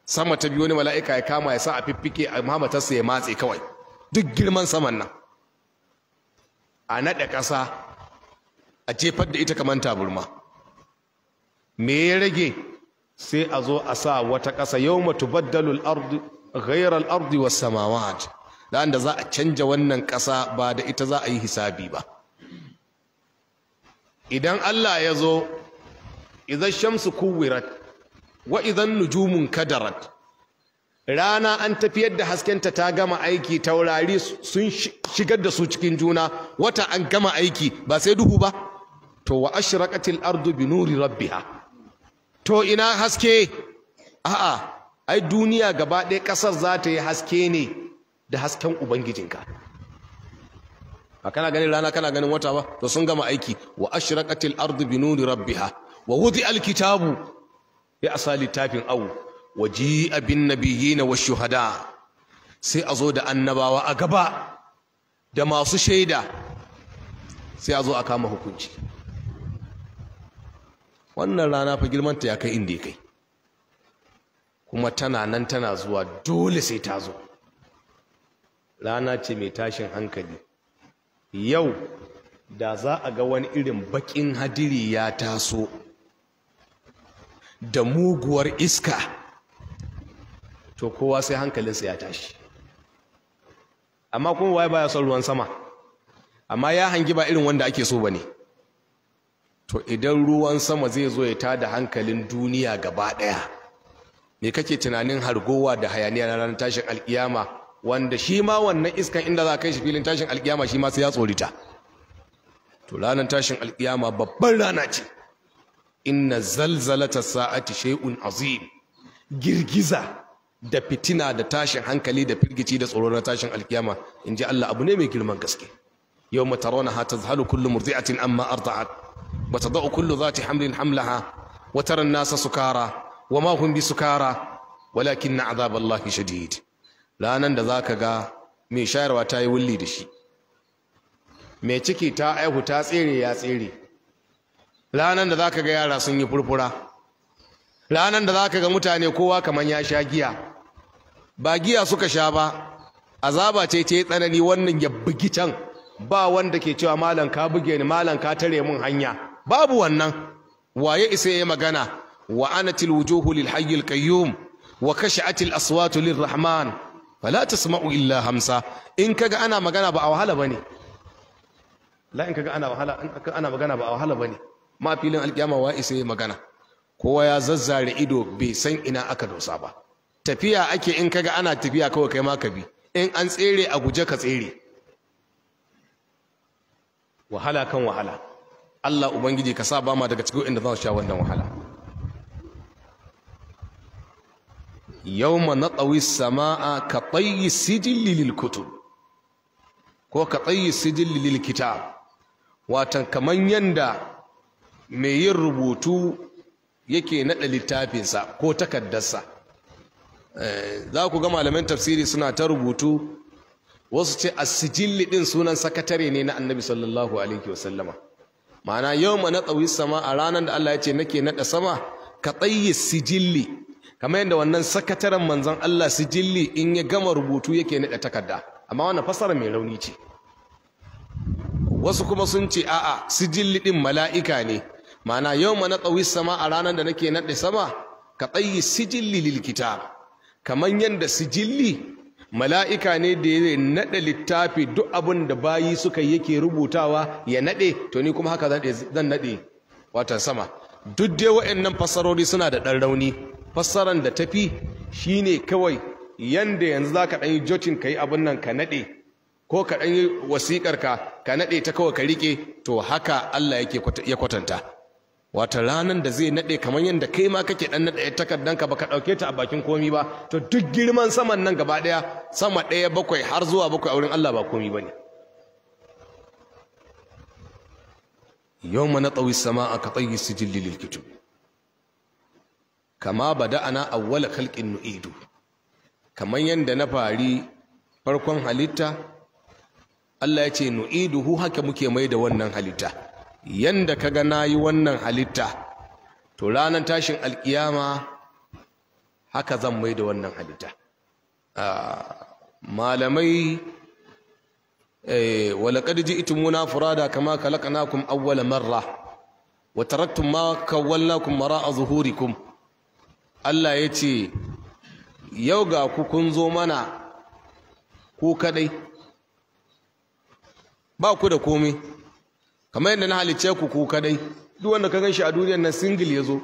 sama ta biyu wani mala'ika ya kama ya sa a fiffike a mamatarsa ya matse kawai duk girman saman nan a naɗa ƙasa a jefar da ita kamar taburma me ya rage sai a zo a sa wata ƙasa yau matu baddalul ardu ghairar ardu was samawat dan da za a canja wannan ƙasa ba da ita za a yi hisabi ba idan Allah ya zo idan shamsu kuwirat wa idan nujumun kadarat rana an tafiyar da haskenta ta gama aiki taurari sun shigar da su cikin juna wata an gama aiki ba sai duhu ba to wa ashraqatil ardu bi nuri rabbiha to ina haske a'a ai duniya gaba ɗaya ƙasar za ta yi haske ne da hasken ubangijinka ba kana ganin rana kana ganin wata ba to sun gama aiki wa ashraqatil ardu bi nuri rabbiha wa wudi'al alkitabu ya asa littafin awu wa ji'a bin nabiyina wa shuhada sai a zo da annabawa a gaba da masu shaida sai a zo a kama hukunci wannan rana fa girmanta ya kai inda ya kai kuma tana nan tana zuwa dole sai ta zo rana ce mai tashin hankali yau da za a ga wani irin bakin hadiri ya taso da muguwar iska to kowa sai hankalinsa ya tashi amma kuma waye baya son ruwan sama amma ya hangi ba irin wanda ake so ba ne to idan ruwan sama zai zo ya tada hankalin duniya gaba ɗaya me kake tunanin hargowa da hayaniya na ranar tashin alkiyama wanda shi ma wannan iskan inda za kai shi filin tashin alkiyama shi ma sai ya tsorita to ranar tashin alkiyama babban rana ce inna zalzalata sa'ati shay'un azim girgiza da fitina da tashin hankali da firgici da tsoro na tashin alkiyama in ji Allah abu ne mai girman gaske yawma tarawna ha tazhalu kullu murdi'atin amma arda'at وتضع كل ذات حمل حملها su kara. سكارى na azabar بسكارى ولكن عذاب da za ka ga ذاك غا ta yi wuli da shi. مي ciki ta aihu ta tsere ya tsere ranan da ka ga yara sun yi furfura ranan da ka ga mutane kowa kaman ya sha giya ba giya suka sha ba azaba ce ce tsanani wannan ya bugi can ba wanda ke cewa malam ka buge ni malam ka tare min hanya babu wannan waye isa yayi magana wa anatil wujuhu lil hayyil qayyum wa kashatil aswatu lirrahman fala tasma'u illa hamsa in kaga ana magana ba a wahala bane la in kaga ana wahala in kaga ana magana ba a wahala bane ma filin alkiyama wa isa yayi magana kowa ya zazzare ido bai san ina aka dosa ba tafiya ake in kaga ana tafiya kawai kai ma ka bi in an tsere a guje ka tsere wahala kan wahala Allah ubangiji ka sa ba ma daga cikin inda za su sha wannan wahala yawma natsawi sama'a ka tsayi sijilli lil kutub ko ka tsayi sijilli lil kitab watan kaman yanda mai yin rubutu yake naɗa littafinsa ko takaddarsa eh, za ku ga malaman tafsiri suna ta rubutu wasu ce a sijilli ɗin sunan sakatare ne na annabi sallallahu alaihi wasallama ma'ana yau ma na tsawi sama a ranar da Allah ya ce nake naɗa sama ka tsaye sijilli kamar yadda wannan sakataren manzon Allah sijilli in ya gama rubutu yake naɗa takarda amma wannan fasara mai rauni ce wasu kuma sun ce a'a sijilli din mala'ika ne ma'ana yau ma na tsawi sama a ranar da nake naɗa sama ka tsaye sijilli lil kitab kamar yadda sijilli mala'ika ne da ya naɗa littafi duk abin da bayi suka yake rubutawa ya naɗe to ni kuma haka zan naɗe watan sama duk dai wa'annan fassarori suna da ɗan rauni fassaran da tafi shine kawai yanda yanzu za ka ɗan yi jotin ka yi abin nan ka naɗe ko ka ɗan yi wasiƙar ka ka naɗe ta kawai ka riƙe to haka Allah ya kwatanta wata ranar da zai nade kamar yadda kai ma kake ɗan naɗe takardanka ba ka dauke ta a bakin komi ba to duk girman saman nan gaba ɗaya sama ɗaya bakwai har zuwa bakwai a wurin Allah ba komi ba ne yawma natawi sama'a ka tsayi sijilli lil kitub kama bada'ana awwal khalqin nu'idu kamar yadda na fari farkon halitta Allah ya ce nu'iduhu haka muke mai da wannan halitta yanda kaga yi wannan halitta to ranar tashin alkiyama haka zan mai da wannan halitta ah, malamai eh, walaqad itimuna furada kama khalaqnakum awwala marra wa taraktum ma a zuhuri zuhurikum Allah ya ce yau ga ku kun zo mana ko kadai ba ku da komai kamar yadda na halicce ku ku kadai duk wanda ka ganshi a duniyar nan single yazo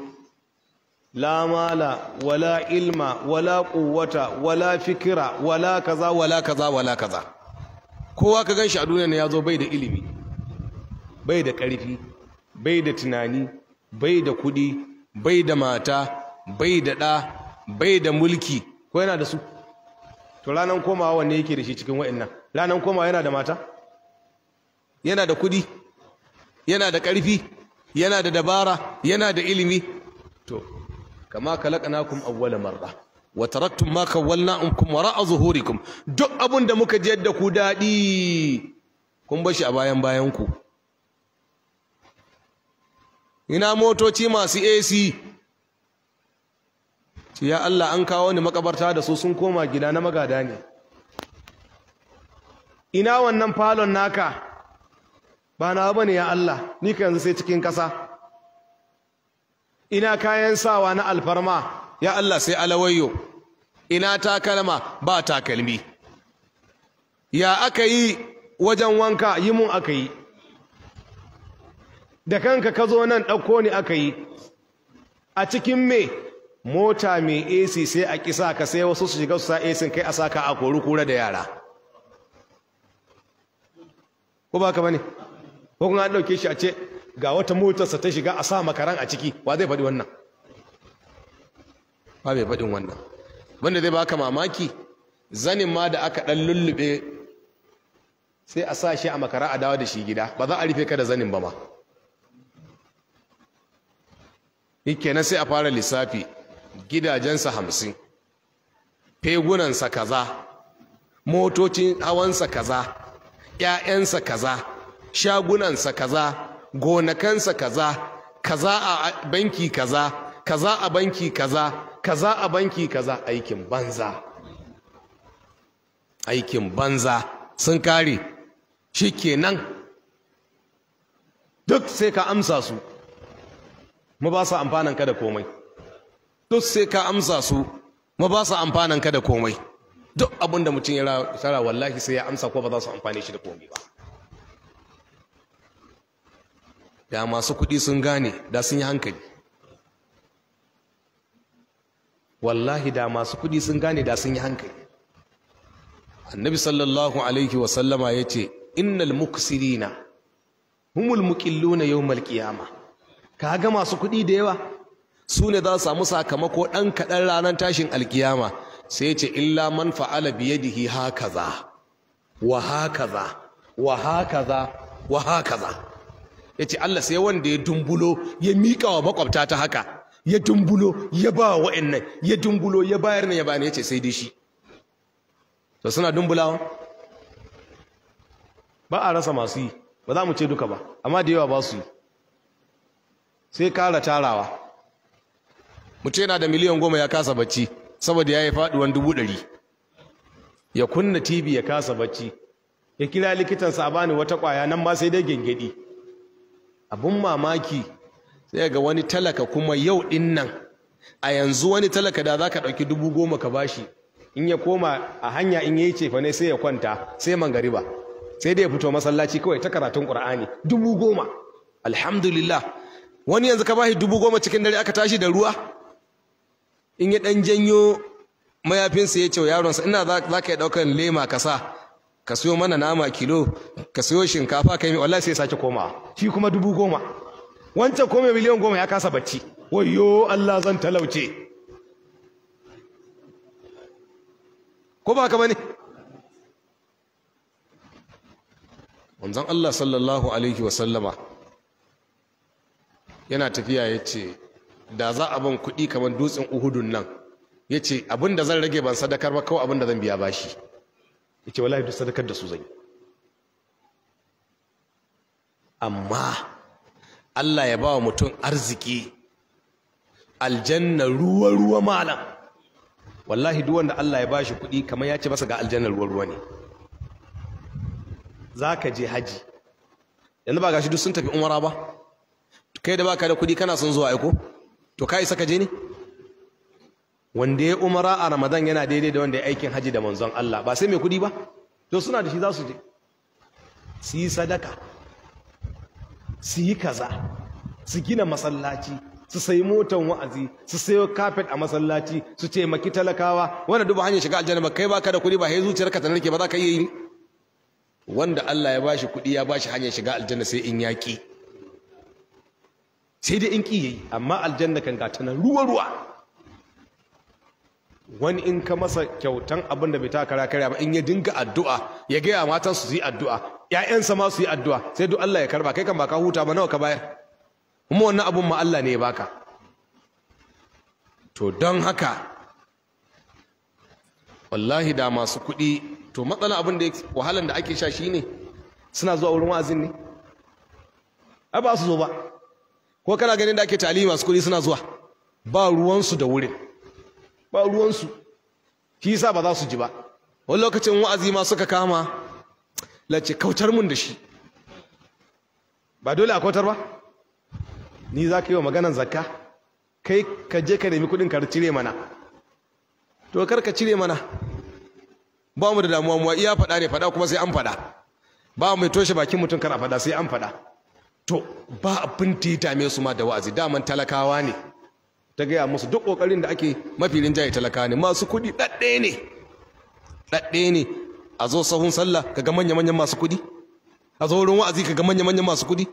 la mala wala ilma wala quwwata wala fikira wala kaza wala kaza wala kaza kowa ka ganshi a duniyar nan yazo bai da ilimi bai da karfi bai da tunani bai da kudi bai da mata bai da da bai da mulki ko yana da su to ranan komawa wanne yake da shi cikin wa'annan ranan komawa yana da mata yana da kudi yana da ƙarfi yana da dabara yana da ilimi to kama khalaqnakum awwala marra wa taraktum ma khawwalna'akum wara'a zuhurikum duk abun da muka jiyar da ku daɗi, kun bashi a bayan bayan ku ina motoci masu AC ce ya Allah an kawo ni makabarta da su sun koma gida na magada ne ina wannan falon naka ba na ne ya Allah ni ka yanzu sai cikin kasa ina kayan sawa na alfarma ya Allah sai alawayyo ina takalma ba takalmi ya aka yi wajen wanka yi mun aka yi da kanka ka zo nan ɗauko ni aka yi a cikin me mota mai AC sai a kisa ka sai wasu su shiga su sa AC kai a saka a kori kura da yara ko ba ka bane ko kuma an dauke shi a ce ga wata motarsa ta shiga a sa makaran a ciki wa zai faɗi wannan ba mai faɗin wannan wanda zai baka mamaki zanin ma da aka ɗan lullube sai a sa shi a makara a dawo da shi gida ba za a rufe ka da zanin ba ma yake na sai a fara lissafi gidajensa hamsin fegunansa kaza motocin hawansa kaza ‘ya'yansa kaza shagunansa kaza gonakansa kaza kaza a banki kaza kaza a banki kaza kaza a banki kaza aikin banza aikin banza sun kare shikenan duk sai ka amsa su mu ba su amfanan ka da komai duk sai ka amsa su mu ba su amfanan ka da komai duk abinda mutum ya tsara wallahi sai ya amsa ko ba za su amfane shi da komai ba da masu kuɗi sun gane da sun yi hankali wallahi da masu kuɗi sun gane da sun yi hankali annabi sallallahu alaihi wa sallama ya ce innal muksirina humul muqilluna yawmal qiyama kaga masu kuɗi da yawa su ne za su samu sakamako ɗan kaɗan ranar tashin alkiyama sai ce illa man fa'ala biyadihi hakaza wa haka hakaza wa haka hakaza wa haka hakaza ya ce Allah sai wanda ya dumbulo ya miƙa wa makwabta ta haka ya dumbulo ya ba wa ya dumbulo ya bayar nan ya bani ya ce sai dai shi to suna dumbulawa ba a rasa masu yi ba za mu ce duka ba amma da yawa ba su yi sai kara tarawa Mu ce yana da miliyan goma ya kasa bacci saboda ya yi faɗuwan dubu ɗari ya kunna tv ya kasa bacci ya kira likitansa a bani wata ƙwaya nan ba sai dai gengedi abun mamaki sai ga wani talaka kuma yau din nan a yanzu wani talaka da zaka dauki dubu goma ka bashi in ya koma a hanya in yayi cefa ne sai ya kwanta sai mangariba sai da ya fito masallaci kawai ta karatun qur'ani dubu goma alhamdulillah wani yanzu ka bashi dubu goma cikin dare aka tashi da ruwa in ya dan janyo mayafinsa ya ce wa yaronsa ina za ka yi ɗaukar lema ka sa ka siyo mana nama kilo ka siyo shinkafa ka yi wallahi sai ya sake komawa shi kuma dubu goma wancan ko mai miliyan goma ya kasa bacci wayo Allah zan talauce ko ba ka bane manzon Allah sallallahu alaihi wa sallama yana tafiya yace da za a ban kuɗi kamar dutsen Uhudun nan yace abinda zan rage ban sadakar ba kawai abinda zan biya bashi yace wallahi duk sadakar da su zan yi amma Allah ya ba wa mutum arziki aljanna ruwa ruwa malam wallahi duk wanda Allah ya bashi kuɗi kamar ya ce masa ga aljanna ruwa ruwa ne zaka je haji yanzu ba gashi duk sun tafi umara ba kai da baka da kuɗi kana son zuwa aiko to ka isa ka je ne wanda ya umara a ramadan yana daidai da wanda ya aikin haji da manzon Allah ba sai mai kuɗi ba to suna da shi za su je su yi sadaka su yi kaza su gina masallaci su sayi motan wa'azi su sayo kafet a masallaci su taimaki talakawa wanda duba hanyar shiga aljanna kai baka da kuɗi ba sai zuciyarka ta narke ba za ka iya yi wanda Allah ya bashi kuɗi ya bashi hanyar shiga aljanna sai in yaki sai dai in ƙi yayi amma aljanna kan ga tana ruwa ruwa wani in ka masa kyautan abin da bai ta kara kare ba in ya dinga addu'a ya gaya matan su yi addu'a ƴaƴansa ma su yi addu'a sai duk Allah ya karba kai kan baka huta ba nawa ka bayar kuma wannan abun ma Allah ne ya baka to don haka wallahi da masu kuɗi to matsala abin da wahalan da ake sha shi ne, suna zuwa wurin wa'azin ne ai ba su zo ba ko kana ganin da ake tali masu kuɗi suna zuwa ba ruwansu da wurin ba ruwansu shi yasa ba za su ji ba wani lokacin wa'azi ma suka kama lace kautar mun da shi ba dole a kautar ba ni za ka yi wa maganan zakka kai ka je ka nemi kuɗin ka cire mana to kar ka cire mana ba mu da damuwa mu iya faɗa ne faɗa kuma sai an faɗa ba mai toshe bakin mutum a faɗa sai an faɗa to ba abin da su ma da wa'azi daman talakawa ne ta gaya musu duk ƙoƙarin da ake mafi rinjaye talaka ne masu kuɗi ɗaɗɗe ne ɗaɗɗe ne a zo sahun sallah ka ga manya-manyan masu kuɗi a zo wurin wa'azi ka ga manya-manyan masu kuɗi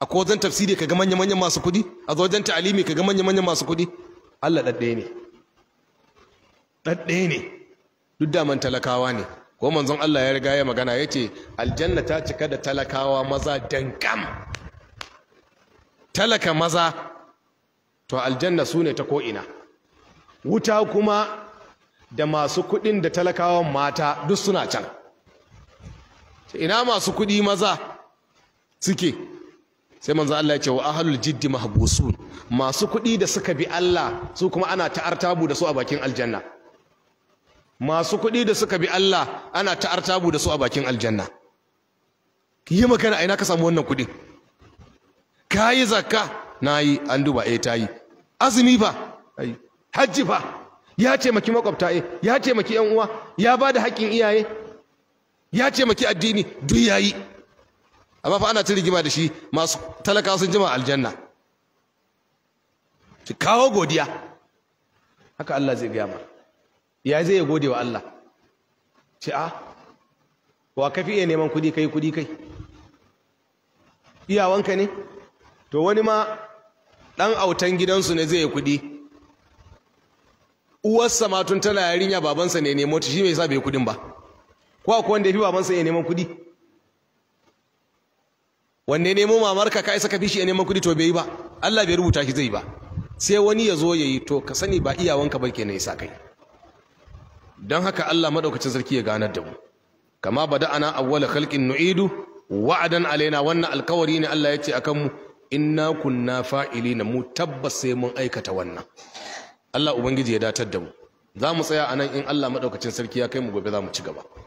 a ko wajen tafsiri ka ga manya-manyan masu kuɗi a zo wajen ta'alimi ka ga manya-manyan masu kuɗi Allah ɗaɗɗe ne ɗaɗɗe ne duk daman talakawa ne ko manzon Allah ya riga ya magana ya ce aljanna ta cika da talakawa maza dangam talaka maza to aljanna su ne ta ko'ina wuta kuma da masu kuɗin da talakawan mata duk suna can ina masu kuɗi maza suke sai manzo Allah ya ce wa ahlul jiddi mahbusun masu kuɗi da suka bi Allah su kuma ana ta'artabu da su a bakin aljanna masu kuɗi da suka bi Allah ana ta'artabu da su a bakin aljanna yi magana a ina ka samu wannan Ka kayi zakka na yi an duba eh ta yi azumi fa hajji fa ya ce maki makwabta eh ya ce maki yan uwa ya ba da haƙƙin iyaye ya ce maki addini duk ya yi amma fa ana cin rigima da shi masu talaka sun jima aljanna ki kawo godiya haka Allah zai gaya ma ya zai gode wa Allah ce a ah, wa kafi iya neman kudi kai kudi kai iyawanka ne to wani ma Ɗan autan gidansu ne zai yi kuɗi uwarsa ma tun tana yarinya babansa ne nemo ta shi mai sa bai kuɗin ba ko akwai wanda ya fi babansa ya neman kuɗi wanne nemo mamar ka isa ka fishi shi ya neman kuɗi to bai yi ba Allah bai rubuta shi zai ba sai wani ya zo ya yi to ka sani ba iyawanka ba kenan isa kai don haka Allah maɗaukacin sarki ya ganar da mu kama ana awwala khalqin nu'idu wa'adan alaina wannan alkawari ne Allah ya ce akan mu inna kunna fa'ilina mu tabbas sai mun aikata wannan Allah ubangiji ya datar da mu za mu tsaya anan in Allah madaukakin sarki ya kai mu gobe za mu ci gaba